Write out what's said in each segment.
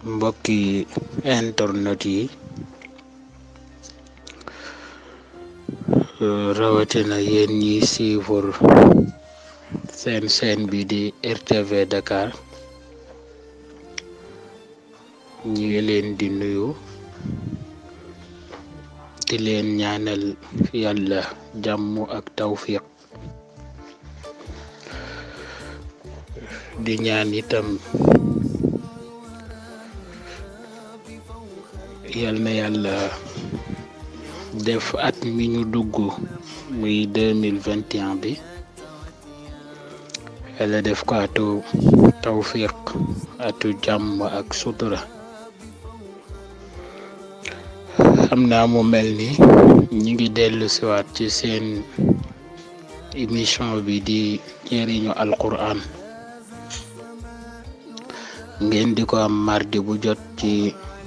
mbokki internet yi euh, rawatina yéen ñi suivre seen chaîne bi di RTV Dakar ñi leen di nuyu di leen ñaanal yàlla jàmm ak tawfiq di ñaan itam yal yàlla def at mi ñu dugg muy deux mille bi yàlla def ko atu tawfiq atu jàmm ak sutura xam naa mu mel ni ñu ngi dellu siwaat ci seen émission bi di njëriñu alquran ngeen di ko am mardi bu jot ci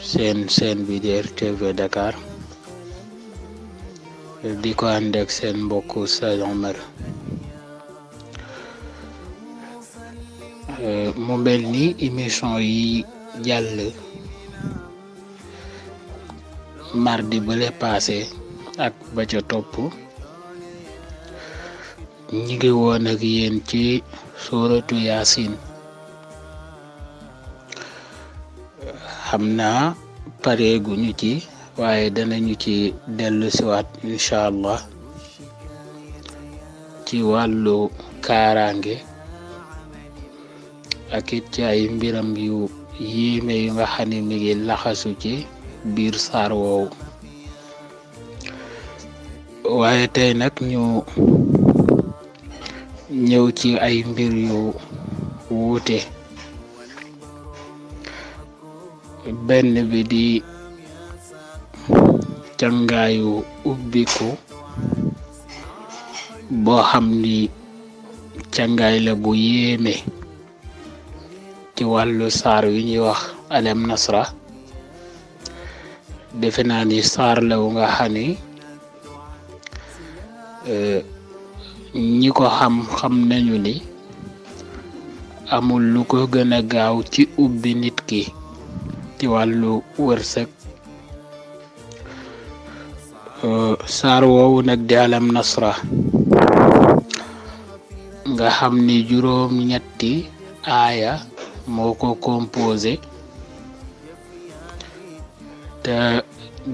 seen seen bi di RTV Dakar di ko ànd seen mbokk Oustaz Oumar euh, mu mel ni émission yi jàll mardi bële paase ak ba ca topp ñi ngi woon ak yéen ci suuratu Yaasin xam naa pareeguñu ci waaye danañu ci dellusiwaat siwaat allah ci wàllu kaaraange ak it ci ay mbiram yu yéeme yu nga xam ne mi ngi laxasu ci biir saar woowu waaye tey nag ñu ñëw ci ay mbir yu wuute benn bi di càngaayu ubbiku boo xam ni càngaay la bu yéeme ci wàllu saar wi ñuy wax alam nasra defe naa ni saar la wu nga xam ni eh, ñi ko xam xam nañu ni amul lu ko gën a gaaw ci ubbi nit ki ci wàllu wërsëg euh, saar woowu nag di alam nasra nga xam ni juróom ñetti aaya moo ko composé te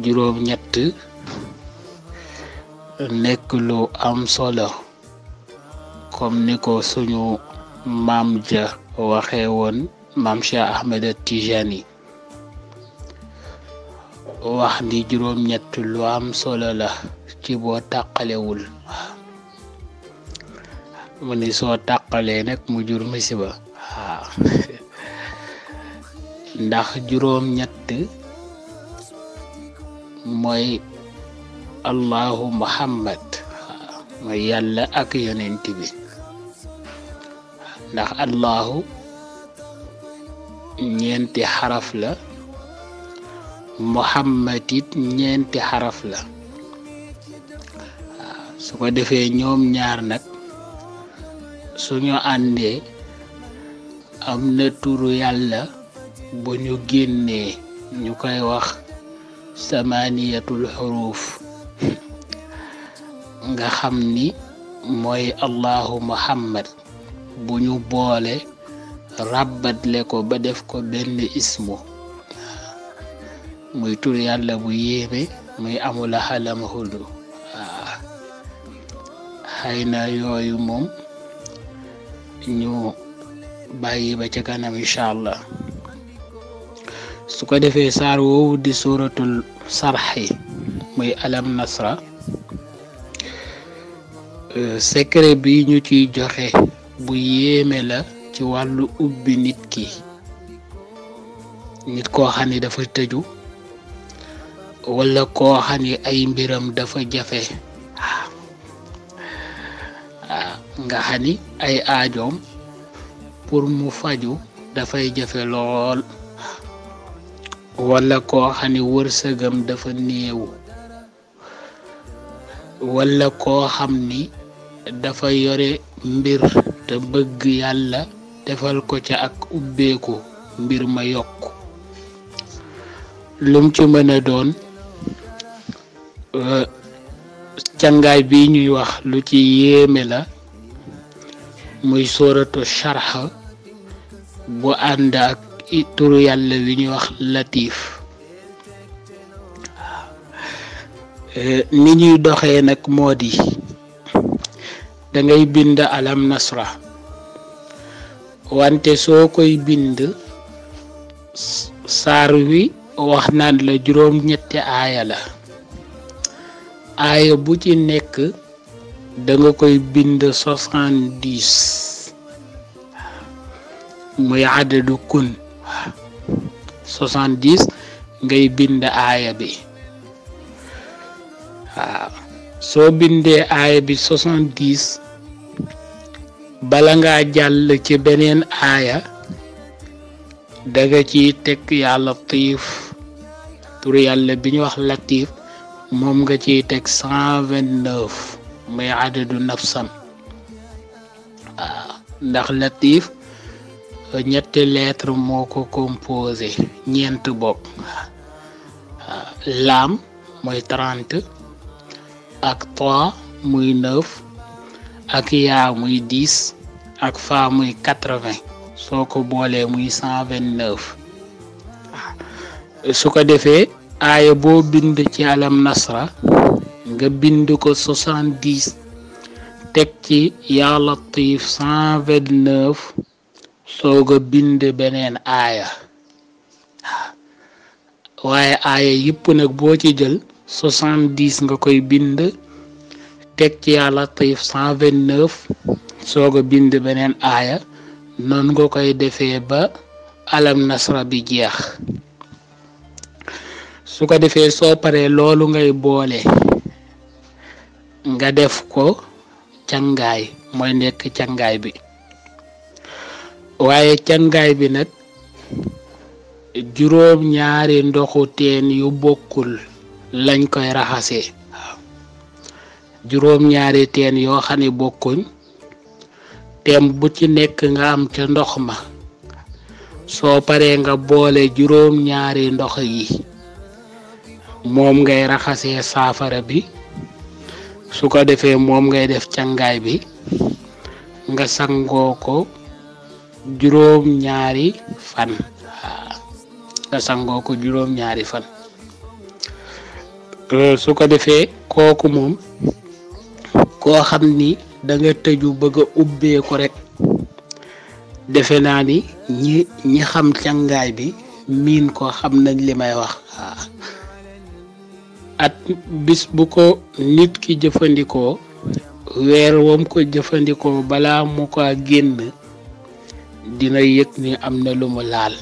juróom ñett nekk lu am solo kom ni ko suñu maam ja waxee woon maam Cheikh Ahmed Tijani wax di juróom-ñett lu am solo la ci boo taqalewul mu ni soo tàqalee nag mu jur musiba waaw ndax juróom-ñett mooy allahu muhammad mooy yàlla ak yonent bi ndax allahu ñeenti xaraf la muhammad it ñeenti xaraf la waaw su ko defee ñoom ñaar nag su ñu àndee am na turu yàlla bu ñu génnee ñu koy wax samaniyatul xuruuf nga xam ni mooy allahu muhammad bu ñu boole ràbbatle ko ba def ko benn ismu muy tur yàlla bu yéeme muy amula xalama xudu waaw xëy na yooyu moom ñu bàyyi ba ca kanam incha allah su ko defee saar woowu di suuratul sarxi muy alam nasra euh, secret bi ñu ciy joxe bu yéeme la ci wàllu ubbi nit ki nit koo xam ne dafa tëju wala koo xam ni ay mbiram dafa jafe waaw ah, nga xam ni ay aajoom pour mu faju dafay jafe lool wala koo xam ni wërsëgam dafa néewu wala koo xam ni dafa yore mbir te bëgg yàlla defal ko ca ak ubbeeku mbir ma yokk lum ci mën a doon càngaay bi ñuy wax lu ci yéeme la muy sóoratu sharx bu ànd ak turu yàlla wi ñuy wax latiif ni ñuy doxee nag moo di dangay bind alam nasra wante soo koy bind saar wi wax naan la juróom ñetti aaya la aaya bu ci nekk danga koy bind soixante-dix muy adadu kun ngay bind aaya bi soo bindee aaya bi soixante-dix bala ngaa jàll ci beneen aaya danga nga ciy teg yàlla tiif tur yàlla bi ñu wax latiif moom nga ciy teg cent vingt neuf muy adadu nafsan waaw ndax latif ñetti lettre moo ko composé ñeent bokk laam mooy trente ak trois muy neuf ak yaa muy dix ak fa muy quatre vingt soo ko boolee muy cent vingt neuf su ko defee aaya boo bind ci alam nasra nga bind ko soixante dix teg ci yaa latif cent bind beneen aaya waaye aaya yëpp nag boo ci jël soixante dix nga koy bind teg ci yàlla latif cent vingt bind beneen aaya noon nga koy defee ba alam nasra bi jeex su ko defee soo paree loolu ngay boole nga def ko cangaay mooy nekk càngaay bi waaye càngaay bi nag juróom ñaari ndoxu teen yu bokkul lañ koy raxasee juróom ñaari teen yoo xam ne bokkuñ tem bu ci nekk nga am ca ndox ma soo paree nga boole juróom ñaari ndox yi moom ngay raxasee saafara bi su ko defee moom ngay def càngaay bi nga sangoo ko juróom ñaari fan fan euh, su ko defee kooku moom koo xam ni danga tëju bëgg a rekk defe naa ni ñi ñi xam càngaay bi miin ko xam nañ li may wax waaw at bis bu ko nit ki jëfandikoo weer wam ko jëfandikoo bala mu ko génn dina yëg ni am na lu mu laal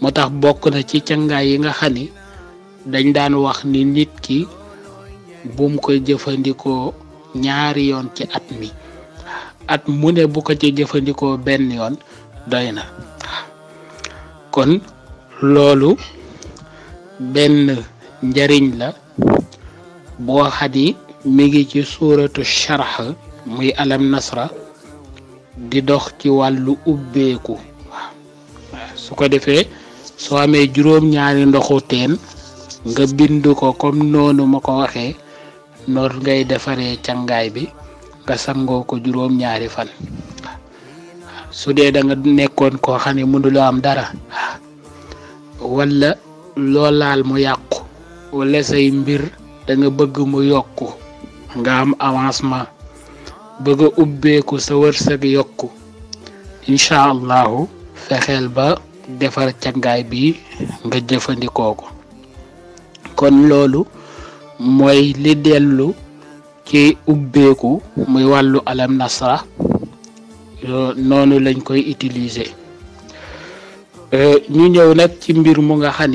moo tax bokk na ci cangaay yi nga xam dañ daan wax ni nit ki bum ko jëfandikoo ñaari yoon ci at mi at mu ne bu ko ci jëfandikoo benn yoon doy na kon loolu benn njariñ la boo xadi mi ngi ci suuratu sharx muy alam nasra di dox ci wàllu ubbeeku su ko defee soo amee juróom-ñaari ndoxu teen nga bind ko comme noonu ma ko waxee noonu ngay defaree cangaay bi nga sangoo ko juróom-ñaari fan su dee da nekkoon koo xam ne mënuloo am dara wala loolaal mu yàqu wala say mbir da nga bëgg mu yokku nga am avancement bëgg a ubbeeku sa wërsëg yokku incha allahu fexeel ba defar càngaay bi nga jëfandikoo ko kon loolu mooy li dellu ci ubbeeku muy wàllu alam nasra noonu lañ koy utiliser euh, ñu ñëw nag ci mbir mu nga xam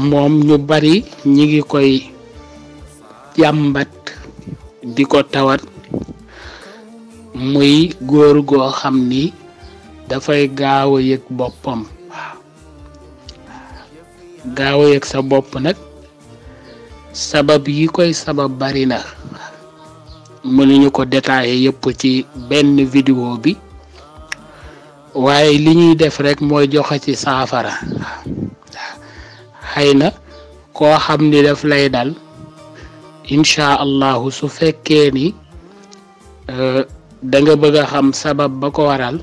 moom ñu bari ñi ngi koy jàmbat di ko tawat muy góor goo xam ni dafay gaaw a yëg boppam gaaw a yëg sa bopp nag sabab yi koy sabab bari na mënuñu ko détaillé yëpp ci benn vidéo bi waaye li ñuy def rekk mooy joxe ci saafara xëy na koo xam ni daf lay dal incha allahu su fekkee ni euh, da nga bëgg a xam sabab ba ko waral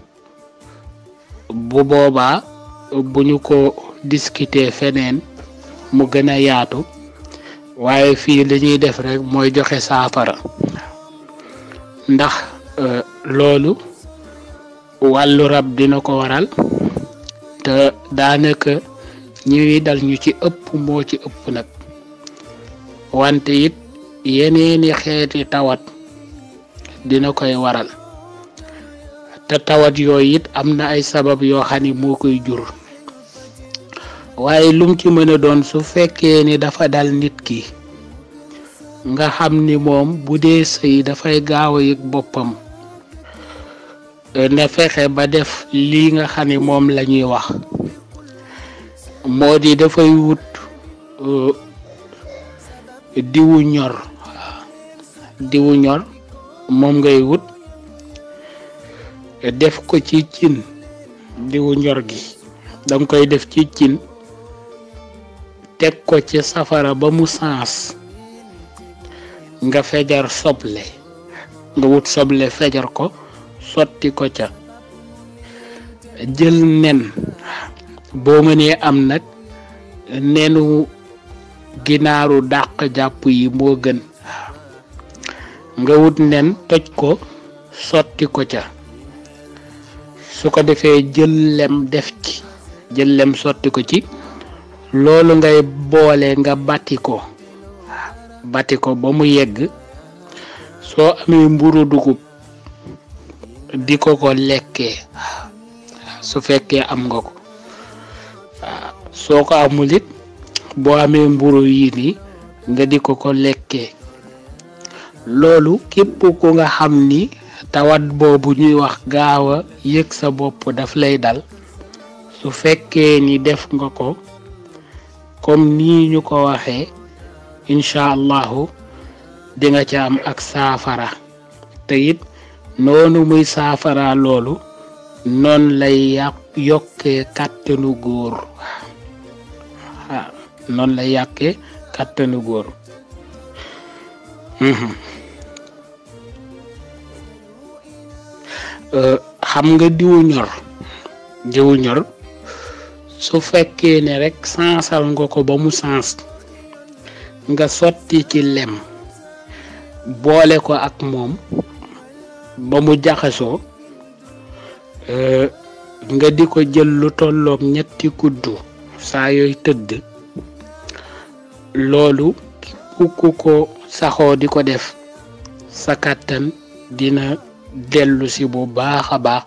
bu boobaa bu ñu ko discuter feneen mu gën a yaatu waaye fii li ñuy def rek mooy joxe saafara ndax euh, loolu wàllu rab dina ko waral te daanaka ñi dal ñu ci ëpp moo ci ëpp nag wante it yeneeni xeeti tawat dina koy waral te tawat yooyu it am na ay sabab yoo xam ni moo koy jur waaye lum ci mëna doon su fekkee ni dafa dal nit ki nga xam ni moom bu dee sëy dafay gaaw a yëg boppam ne fexe ba def lii nga xam ni moom la wax moo di dafay wut uh, diwu ñor diwu ñor moom ngay wut def ko ci cin diwu ñor gi danga koy def ci cin teg ko ci safara ba mu sens nga fejar soble nga wut soble fejar ko sotti ko ca jël nen boo mënee am nag neenu ginaaru dàq jàpp yi moo gën nga wut nen toj ko sotti ko ca su ko defee jël lem def ci jël lem sotti ko ci loolu ngay boole nga bàtti ko bàtti ko ba mu yegg soo amee mburu dugub di ko ko lekkee su fekkee am nga ko soko amulit bo amee mburo yi ni ngadi ko ko lekke loolu képp ku nga xam ni tawat boobu ñuy wax gaawa yëg sa bopp daf lay dal su fekkee ni def nga ko comme nii ñu ko waxee incha allahu di nga ca am ak saafara te it noonu muy saafara loolu non lay yokkee kàttanu góor non lay yàkkee kàttanu góor euh, xam nga diwu ñor diwu ñor su fekkee ne rek sansal nga ko ba mu sans nga sotti ci lem boole ko ak moom ba mu jaxasoo Euh, nga di ko jël lu tollook ñetti kuddu saa yooy tëdd loolu ku ko saxoo di ko def sa kàttan dina dellu bu baax baax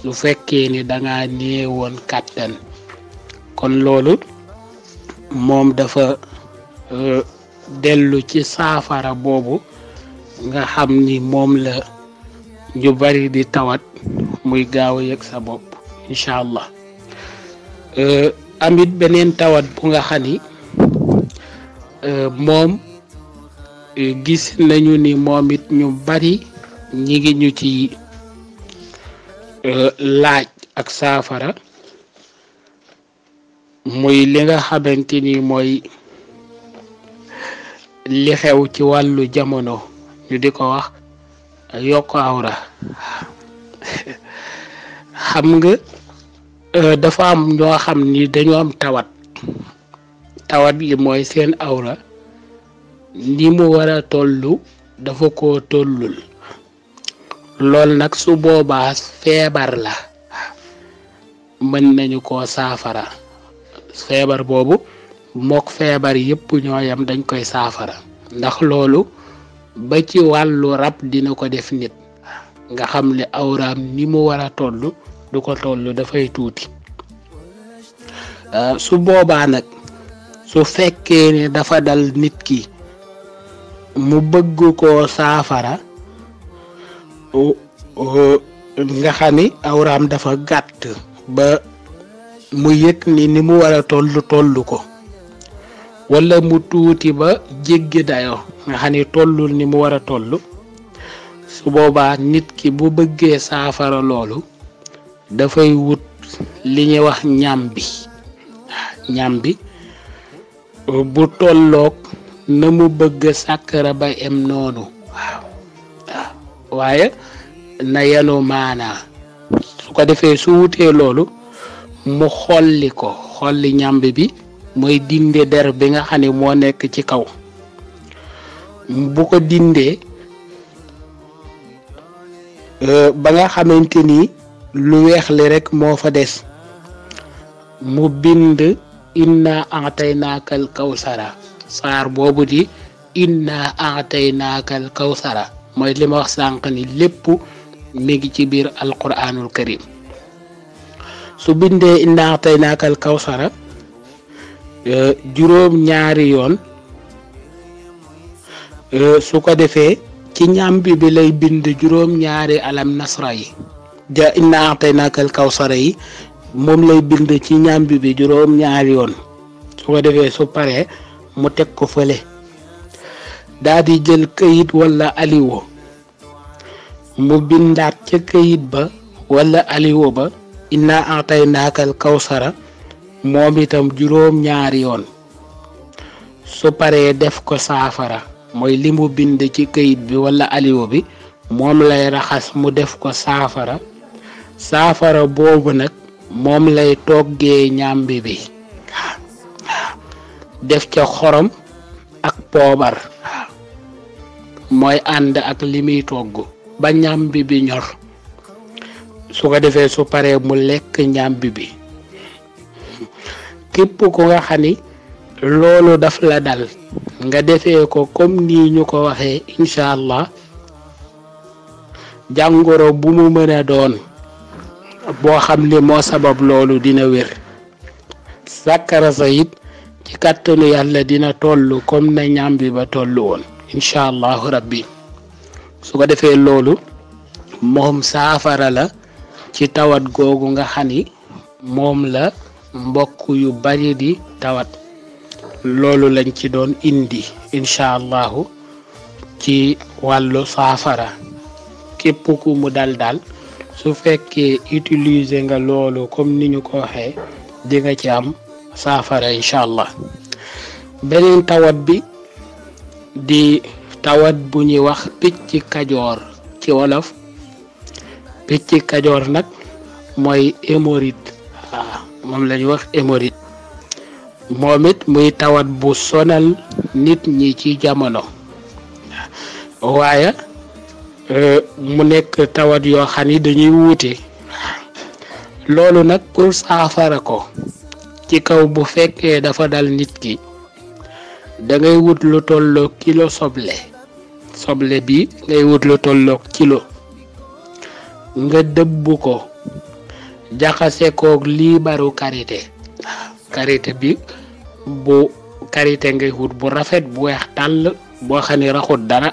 su fekkee ni danga néewoon kàttan kon loolu moom dafa euh, dellu ci saafara boobu nga xam ni moom la ñu bari di tawat muy gaaw a yëg sa bopp incha allah eh, amit beneen tawat bu nga xani eh, moom eh, gis nañu ni moom it ñu bari ñi ngi ñu ci laaj ak saafara muy li nga xamante ni mooy li xew ci wàllu jamono ñu di ko wax yokku awra xam nga euh, dafa am ñoo xam ni dañoo am tawat tawat yi mooy seen aw la ni mu wara tollu dafa ko tollul lool nag su boobaa feebar la mën nañu ko saafara feebar boobu mook feebar yépp ñoo yam dañ koy saafara ndax loolu ba ci wàllu rab dina ko def nit nga xam ni awraam ni mu war a toll du ko toll dafay tuuti euh, su boobaa nag su fekkee ni dafa dal nit ki mu bëgg koo saafara nga xam ni awraam dafa gàtt ba mu yëg ni ni mu war a toll ko walla mu tuuti ba jéggi dayo nga xam ni tollul ni mu war a toll su boobaa nit ki bu bëggee saafara loolu dafay wut li ñuy wax ñam bi ñam bi bu tolloog na mu bëgg sàkkara ba em noonu waaw waaye na yenu maanaa su ko defee su wutee loolu mu xolli ko xolli ñàmb bi mooy dinde der bi nga xam ne moo nekk ci kaw bu ko dindee Euh, ba nga xamante ni lu weex li rek moo fa des mu bind inna ataynaakal kawsara saar boobu di inna ataynaakal kawsara mooy li ma wax sànq ni lépp mi ci biir alquranul karim su bindee inna ataynaakal kawsara euh, juróom ñaari yoon euh, su ko defee ci ñàmbi bi lay bind juróom-ñaari alam nasra yi ja inna ataynaaka al kawsara yi moom lay bind ci ñàmbi bi juróom yoon su defee su mu teg ko fële daa jël këyit walla mu bindaat ca këyit ba walla aliwo ba inna kawsara moom itam juróom-ñaari yoon su paree def ko saafara mooy limu bind ci kayit bi wala aliwo bi moom lay raxas mu def ko saafara saafara boobu nag moom lay toggee ñàmbi bi def ca xorom ak poobar mooy ànd ak limuy togg ba ñambi bi ñor su ko defee su paree mu lekk ñàmbi bi képp ku nga xam loolu daf la dal nga defee ko comme nii ñu ko waxee incha allah jàngoro bu mu mën doon boo xam ne moo sabab loolu dina wér sàkkara sa it ci kàttanu yàlla dina toll comme na ñam bi ba toll woon incha allahu rabbi su ko defee loolu moom saafara la ci tawat googu nga xani moom la mbokk yu bari di tawat loolu lañ ci doon indi incha allahu ci wàllu saafara képp ku mu dal daal su fekkee utiliser nga loolu comme ni ñu ko waxee di nga ci am saafara incha allah beneen tawat bi di tawat bu ñuy wax picc kajoor ci wolof picc kajoor nag mooy hémorroïde waaw ah, moom la ñuy wax hémorroïde moom it muy tawat bu sonal nit ñi ci jamono waaye euh, mu nekk tawat yoo xam ni dañuy wuute loolu nag pour saafara ko ci kaw bu fekkee dafa dal nit ki da ngay wut lu tolloog kilo soble soble bi ngay wut lu tolloog kilo nga dëbb ko jaxase koog lii baru karité karité bi bu karité ngay wut bu rafet bu weex tàll boo xam ne raxut dara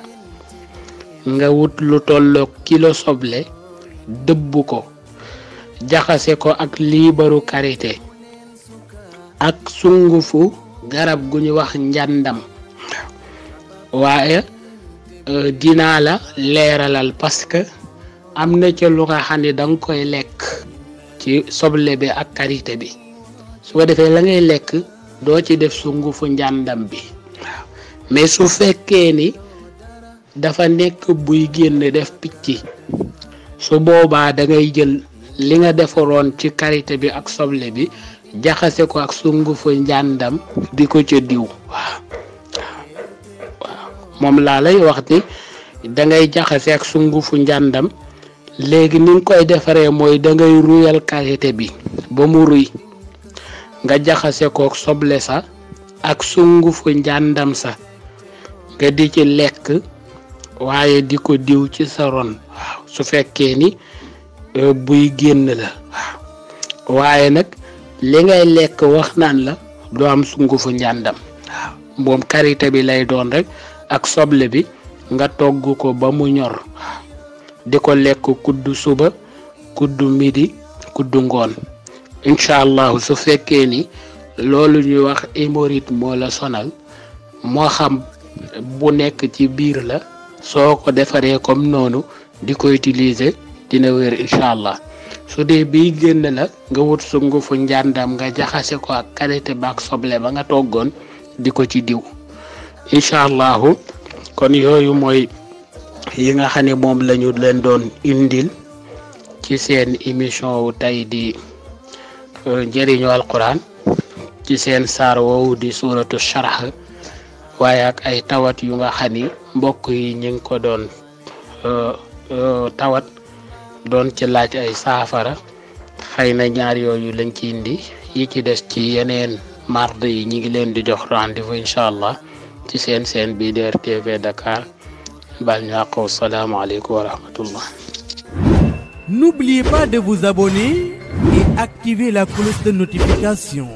nga wut lu tolloog kilo soble dëbb ko jaxase ko ak liibaru karité ak sungufu garab gu ñu wax njàndam waaye euh, dinaa la leeralal parce que am na ca lu nga xam ne danga koy lekk ci soble bi ak karité bi su defee la ngay lekk doo ci def sungufu njàndam bi mais su fekkee ni dafa nekk buy génn def picc su boobaa dangay jël li nga defaroon ci karité bi ak soble bi jaxase ko ak sungufu njàndam di ko ca diw moom laa lay wax ni da ngay jaxase ak sungufu njàndam léegi ni nga koy defaree mooy da ngay ruyal karité bi ba mu ruy nga jaxase kook soble sa ak sungufu njàndam sa nga di ci lekk waaye di ko diw ci sa ron su fekkee ni euh, buy génn la waaye nag li ngay lekk wax naan la du am sungufu njàndam moom karité bi lay doon rekk ak soble bi nga togg ko ba mu ñor di ko lekk kuddu suba kuddu midi kuddu ngoon incha allahu su fekkee ni loolu ñuy wax hémorroïde moo la sonal moo xam bu nekk ci biir la soo ko defaree comme noonu di ko utiliser dina wér incha allah su génn la nga wut sungufu njàndam nga jaxase ko ak karité baak soble ba nga toggoon di ko ci diw incha kon yooyu mooy yi nga xam ne moom lañu leen doon indil ci seen émission wu tey di njëriñu alquran ci seen saar woowu di suuratu sharh waaye ak ay tawat yu nga xam ni mbokk yi ñu ngi ko doon euh, euh, tawat doon ci laaj ay saafara xëy na ñaar yooyu lañ ci indi yi ci des ci yeneen mardi yi ñi ngi leen di jox rendez-vous incha allah ci seen seen bi di RTV Dakar bal ñu àqu salaamaaleykum wa rahmatullah. N'oubliez pas de vous abonner activez la cloche de notification.